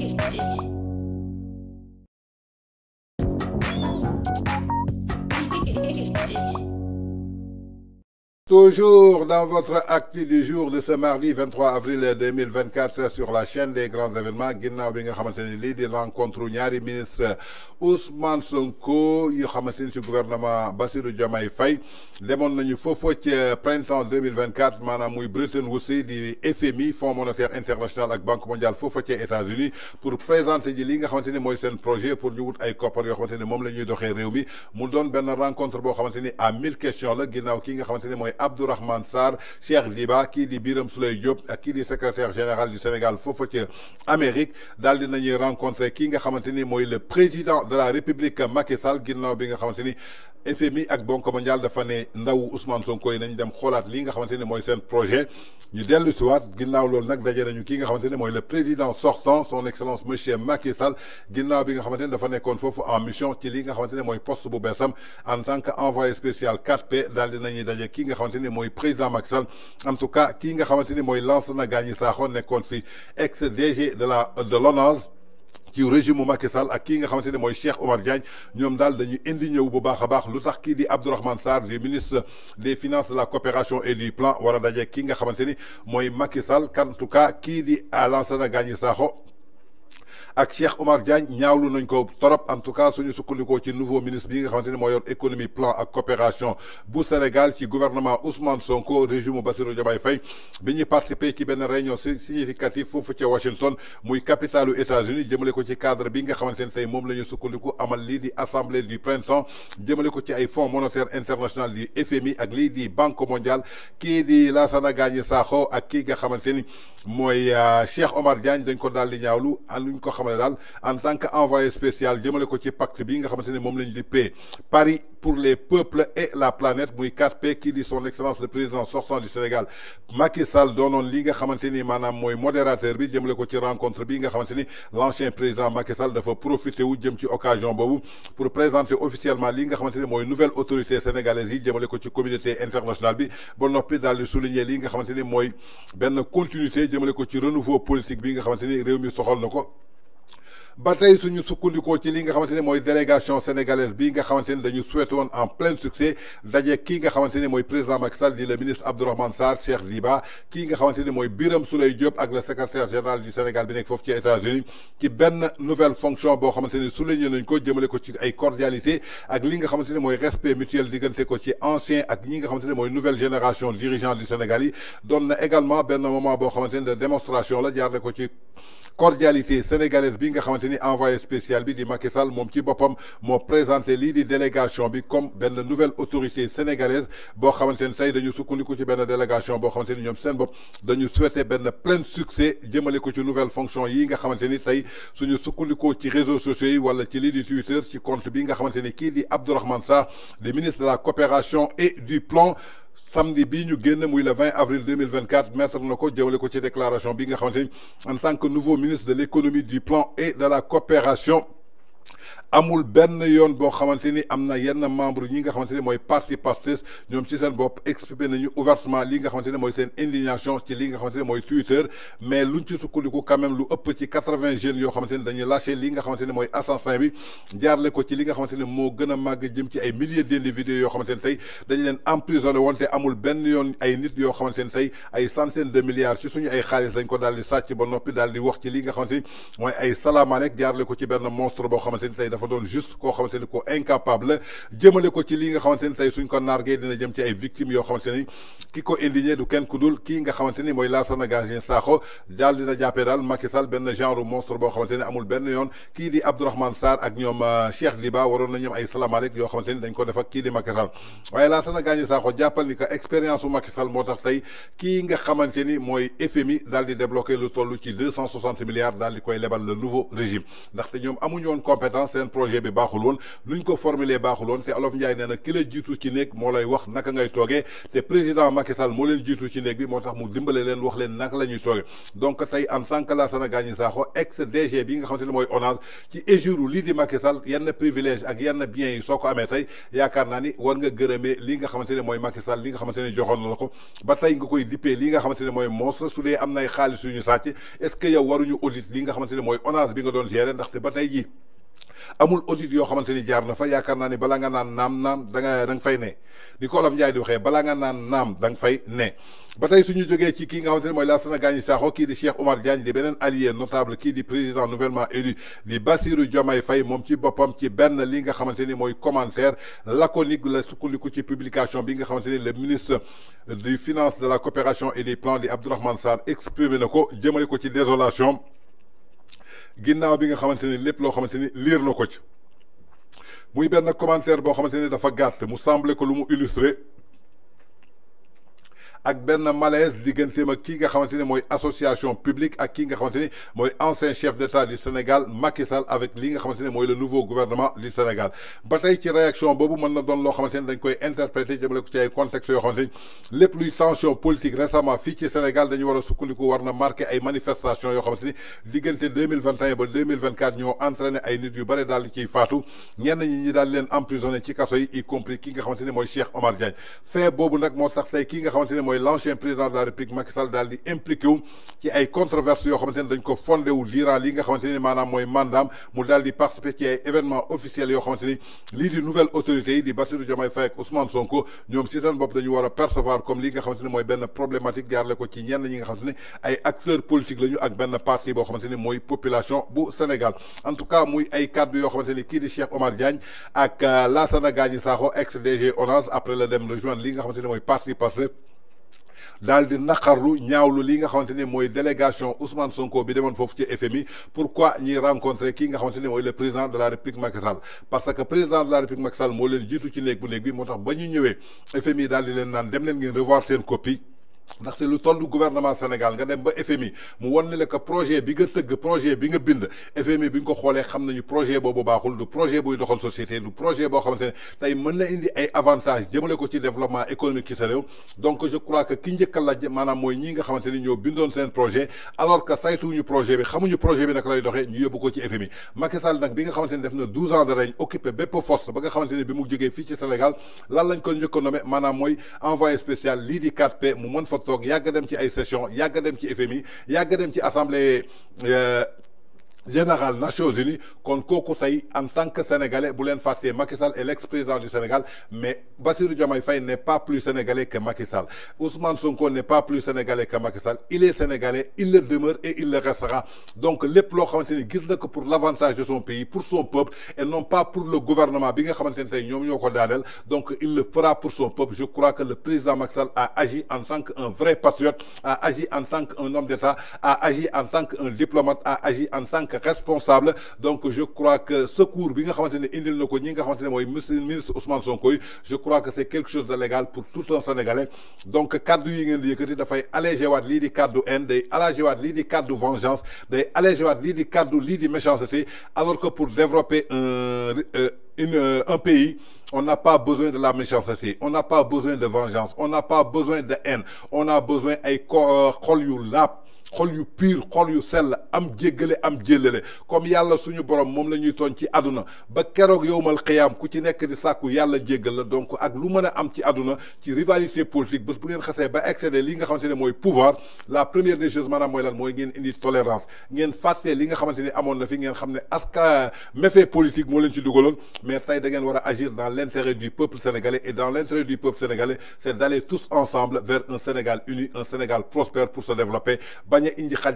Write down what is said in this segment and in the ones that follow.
Thank you. Toujours dans votre acte du jour de ce mardi 23 avril 2024 sur la chaîne des grands événements ginnaaw bi nga xamante di rencontre ministre Ousmane Sonko yu xamante du gouvernement Bassirou Diomaye Faye de nañu foofu ci printemps 2024 Manamoui muy aussi du FMI Fonds monétaire international ak Banque mondiale foofu ci États-Unis pour présenter ji li nga xamante ni projet pour ñu wut ay koppar yoo xamante de moom la ñuy doxee rencontre à mille questions la ginnaaw ki nga Abdourahmane Sarr Cheikh Diba qui di Biram Souleye Diop ak kii secrétaire général du Sénégal Fofotier Amérique dans di nañuy rencontré kii nga le président de la République Macky Sall ginnaaw bi nga xamante FMI ak Banque mondiale dafa ne ndaw Ousmane Sonko yi nañ dem xolaat li nga xamante moy sen projet ñu déllu ci waat ginnaw lool nak dajé nañu ki nga xamante moy le président sortant son excellence monsieur Macky Sall ginnaw bi nga xamante ne dafa nekkoon fofu en mission ci li nga xamante moy poste bu beesam en tant que envoyé spécial 4P dal di dajé ki nga xamante moy président Macky Sall en tout cas ki nga xamante moy lance na gañi Sakho nekkoon fi ex DG de la de l'ONAS ci régime Macky Sall ak ki nga xamanteni moy Cheikh Omar Diagne ñom dal dañu indi ñëw bu baax a baax lu tax di Abdourahmane Sar ministre des finances de la coopération et du plan wara dajé ki nga xamanteni moy Macky Sall en tout cas kii di Lansana Gagny Sakho ak Cheikh Omar Diagne ñaawlu nañ ko torop en tout cas suñu sukkandikoo ci nouveau ministre bi nga xamante ni moo yor économie plan ak coopération bu Sénégal ci gouvernement Ousmane Sonko régime Bassirou Diomaye fay bi ñuy participer ci benn réunion significative foofu ca Washington muy capitalu États-Unis jëmale ko ci cadre bi nga xamante ni tey moom la ñu sukkandiku amal lii di assemblée du printemps jëmale ko ci ay fonds monétaire international di FMI ak lii di banque mondiale kii di Lassana Gagny Sakho ak kii nga xamante ni mooy euh, Cheikh Omar Diagne dañ ko daal di ñaawlu luñ ko en tant qu'envoyé spécial de ko ci pacte bi nga xamante ne moom Paris pour les peuples et la planète Mouy 4P qui dit son excellence le président sortant du Sénégal Macky Sall donne li nga xamante ni modérateur bi jëmale ci rencontre bi nga l'ancien président Macky Sall dafa profiter wu jëm ci occasion boobu pour présenter officiellement li nga xamante nouvelle autorité sénégalaise de jëmale côté communauté internationale bi ba noppi daal souligner li nga xamante ni benn continuité de ko ci renouveau politique bi nga xamante ni réew mi ba tey suñu sukkandikoo ci li nga xamanteni moy délégation sénégalaise bi nga xamanteni dañu souhaité woon en plein succès daje ki nga xamanteni moy président Macky Sall di le ministre Abdourahmane Sarr Cheikh Diba ki nga xamanteni moy biram Birame Diop ak le secrétaire général du Sénégal bi nek fofu ci États-Unis ci ben nouvelle fonction bo xamanteni ne souligné nañ ko jëmele ko ci ay cordialité ak li nga xamanteni moy respect mutuel digënté ko ci ancien ak ñi nga xamanteni moy nouvelle génération dirigeant du Sénégal yi doon également ben moment bo xamanteni de démonstration la jaar ko ci cordialité sénégalaise bi nga xamanteni ni envoyé spécial bi di Macky Sall mom ci bopam mo présenter li di délégation bi comme benn nouvelle autorité sénégalaise bo xamante tay dañu sukkandiku ci ben délégation bo xamante ñom sen bop dañu souhaiter benn plein succès jëmale ko ci nouvelle fonction yi nga xamante tay suñu sukkandikoo ci réseaux sociaux yi wala ci li di Twitter ci compte bi nga xamante ki kii di Abdourahmane Sarr di ministre de la coopération et du plan samedi bii ñu génn le 20 avril 2024 mettre na ko jëmale ko ci déclaration bi nga en tant que nouveau ministre de l'économie du plan et de la coopération amul ben yon bo xamanteni amna yenn membre yi nga xamanteni moy parti Pastef ñom ci seen bop exprimé nañu ouvertement li nga xamanteni moy mooy seen indignation ci li nga xamanteni moy Twitter mais luñ ci sukkandiku quand même lu upp ci 80 jeunes yo xamanteni dañuy lâché li nga xamanteni moy assassin bi jaarle ko ci li nga xamanteni mo gëna gën jëm ci ay milliers d'individus yoo xamante ni tey dañ leen emprisonner woon te amul ben yon ay nit yo xamanteni tay ay centaines de milliards ci suñu ay xaalis dañ ko daal di sàcc ba nopi daal di wax ci li nga xamante ni mooy ay salaamaalek jaarle ko ci ben monstre bo xamanteni tay dafa doon juste ko xamanteni ko incapable la jëmale ko ci li nga xamanteni tay suñ ko nargee dina jëm ci ay victimes yo xamanteni kiko indigné du ken kudul ki nga xamanteni moy la Lassana saxo dal dina jappé dal Macky Sall ben genre monstre bo xamanteni amul ben yoon ki di Abdourahmane Sarr ak ñom euh, Cheikh Diba waron na ñoom ay salam alek yo xamanteni dañ ko def ak ki di Macky Sall waaye la Gagé saxo jappal ni ko expérience Macky Sall motax tay ki nga xamanteni moy FMI dal di débloquer lu tollu ci 260 milliards dal di koy lebal le nouveau régime ndax ndaxte ñom amuñu won compétence projet bi baaxul woon nuñ ko formuler baaxuloon woon te Olof Ndiaye nee na ki jiitu ci néeg moo lay wax naka ngay toogee te président Macky Sall moo leen jiitu ci néeg bi moo tax mu dimbale leen wax leen naka la ñuy toogee donc tey en tant que Lassana Gagny Sakho ex DG bi nga xamante ne mooy ONAS ci éjuru lii di Macky Sall yenn privilège ak yenn bien yi soo ko amee tey yaakaar naa ni war nga gërëmee li nga xamante ne mooy Macky Sall li nga xamante ne joxoon na ko ba tey nga koy dippee li nga xamante ne mooy moos su dee am nay xaalis yu ñu sàcc ce que yow waruñu audit li nga xamante ne mooy ONAS bi nga doon gérer ba tey jii amul audit Yo xamanteni jaar na fa yaakaar ni balaa nga nan nam nam da nga fay ne di ko Olof Njaay di waxe bala nga nan nam dang fay ne batay suñu joge ci ki nga xamanteni moy la di Cheikh omar Diagne di benen allié notable ki di président nouvellement élu di Bassirou Diomaye Faye mom ci bopam ci benn li nga xamanteni moy commentaire laconique la sukkandiku ci publication bi nga xamanteni le ministre des finances de la coopération et des plans di abdourahman Sarr exprimé ko ko ci désolation ginnaaw bi nga xamante ni lépp loo xamante ni liir na ko ci muy benn commentaire boo xamante ni dafa gàtt mu semble ko lu mu illustré ak ben malaise digganteem ak ki nga xamanteni moy association publique ak ki nga xamanteni moy ancien chef d'état du Sénégal Macky Sall avec li nga xamanteni moy le nouveau gouvernement du Sénégal batay ci réaction Bobu mën na doon lo xamanteni dañ koy interpréter jëmale ko ci ay contexte yo xamanteni lepp luy tension politique récemment fi ci Sénégal dañu wara a warna war marqué ay manifestations yo xamanteni ni 2021 et ba 2024 ñoo entraîné ay nit yu bari dal ci ciy faatu ñi ñi dal leen emprisonné ci kasso yi y compris ki nga xamanteni moy Cheikh Omar Diagne fait Bobu nak mo tax tey ki nga xamanteni mooy l'ancien président de la république Macky Sall daal di impliqué wu ci ay controverses yo xamanteni dañ ko fondé wu lii li nga xamanteni manam moy mandam mandaam mu daal di participer ci ay événements officiels yoo xamante ni di nouvelle autorité di Bassirou Diomaye Faye ak Ousmane Sonko ñom ci seen bop dañu wara percevoir comme li nga xamanteni moy ben benn problématique jaarale ko ci ñen ñi nga xamanteni ay acteurs politiques lañu ak ben parti bo xamanteni moy population bu Sénégal en tout cas muy ay cadres yo xamanteni ki di Cheikh Omar Diagne ak euh, Lassana Gagny Sakho ex DG ONAS après le dem rejoindre li nga xamanteni moy parti passé. Dal di Nakaru ñaawlu li nga délégation Ousmane Sonko bi demone fofu ci FMI pourquoi rencontré le président de la République Macky parce que président de la République Macky Sall mo leen ci bu bi FMI revoir copie ndaxte lu tollu gouvernement Sénégal nga dem ba FMI mu wan ne que projet bi nga tëgg projet bi nga bind FMI bi nga ko xoolee xam nañu projet boobu baaxul du projet buy doxal société du projet boo xamante ne tey mën na indi ay avantages jëmale ko ci développement économique ci sa réew donc je crois que ki njëkk a laaj maanaam mooy ñi nga xamante ni ñoo bindoon seen projet alors que saytuwuñu projet bi xamuñu projet bi naka lay doxee ñu yóbbu ko ci FMI Macky Sall nag bi nga xamante ni def na 12 ans de règne occupé bépp force ba nga xamante ni bi mu jógee fii ci Sénégal lan lañ ko njëkk a nommé maanaam mooy envoyé spécial lii di 4P mu mën fa il y a que des petits sessions, il y a qu'il y a des petits éphémis, il y a quelqu'un qui assemblée. Euh, général Nations Unies qu'on Koko en tant que sénégalais Boulen Fatih, Macky Sall est l'ex-président du Sénégal mais Bassirou Diomaye Faye n'est pas plus sénégalais que Macky Sall Ousmane Sonko n'est pas plus sénégalais que Macky Sall il est sénégalais il le demeure et il le restera donc lépp pour l'avantage de son pays pour son peuple et non pas pour le gouvernement donc il le fera pour son peuple je crois que le président Macky Sall a agi en tant qu'un vrai patriote a agi en tant qu'un homme d'État a agi en tant qu'un diplomate a agi en tant responsable donc je crois que secours bi nga xamante ne indil na ñi nga ministre Ousmane Sonko je crois que c'est quelque chose de légal pour tout un Sénégalais donc kaddu yi ngeen di yëkkati dafay allégé waat lii di kaddu haine day allégé waat lii di vengeance des allégé waat lii di de lii di méchanceté alors que pour développer un euh, une euh, un pays on n'a pas besoin de la méchanceté on n'a pas besoin de vengeance on n'a pas besoin de haine on a besoin ay euh, xol yu laap xol yu pire xol yu sell am jéggale am jéllale comme yàlla suñu borom moom la ñuy ton ci aduna ba keroog yowmal xiyaam ku ci nekk di sàkku yàlla jéggal la donc ak lu mën a am ci aduna ci rivalité politique bés bu ngeen xasee ba excédé li nga xamante ne pouvoir la première des choses maanaam mooy lan mooy ngeen indi tolérance ngeen fàtte li nga xamante ni amoon na fi ngeen xam ne aska méfait politique moo leen ci dugaloon mais tay da ngeen war agir dans l'intérêt du peuple sénégalais et dans l'intérêt du peuple sénégalais c'est d'aller tous ensemble vers un Sénégal uni un Sénégal prospère pour se développer indi xaj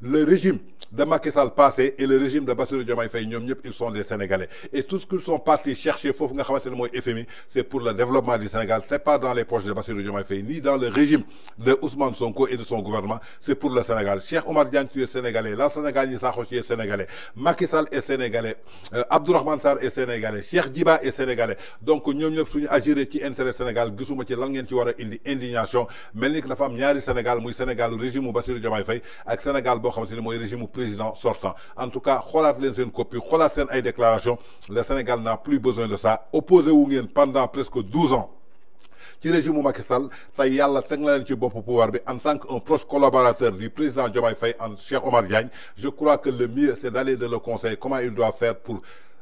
le régime de Macky Sall passé et le régime de Bassirou Diomaye Faye ils sont des Sénégalais et tout ce qu'ils sont partis chercher faut nga xamante ne FMI c'est pour le développement du Sénégal c'est pas dans les poches de Bassirou Diomaye Faye ni dans le régime de Ousmane Sonko et de son gouvernement c'est pour le Sénégal Cheikh Omar Diagne tu es Sénégalais la Sénégal à est Sénégalais Macky Sall est Sénégalais euh, Abdourahmane Sarr est Sénégalais Cheikh Diba est Sénégalais donc nous avons suñu et ci intérêt Sénégal Nous ci lan ngeen ci war a indi indignation mel que dafa am ñaari Sénégal le régime de Bassirou fait avec ak Sénégal comme xamanteni le régime président sortant en tout cas xoolaat les sen copie xoolaat sen ay déclaration le Sénégal n'a plus besoin de ça opposé wu ngène pendant presque 12 ans ci régime Macky Sall ça y a la ci bon pouvoir bi en tant qu'un proche collaborateur du président Diomaye Faye en Cheikh Omar Diagne je crois que le mieux c'est d'aller de le conseil comment il doit faire pour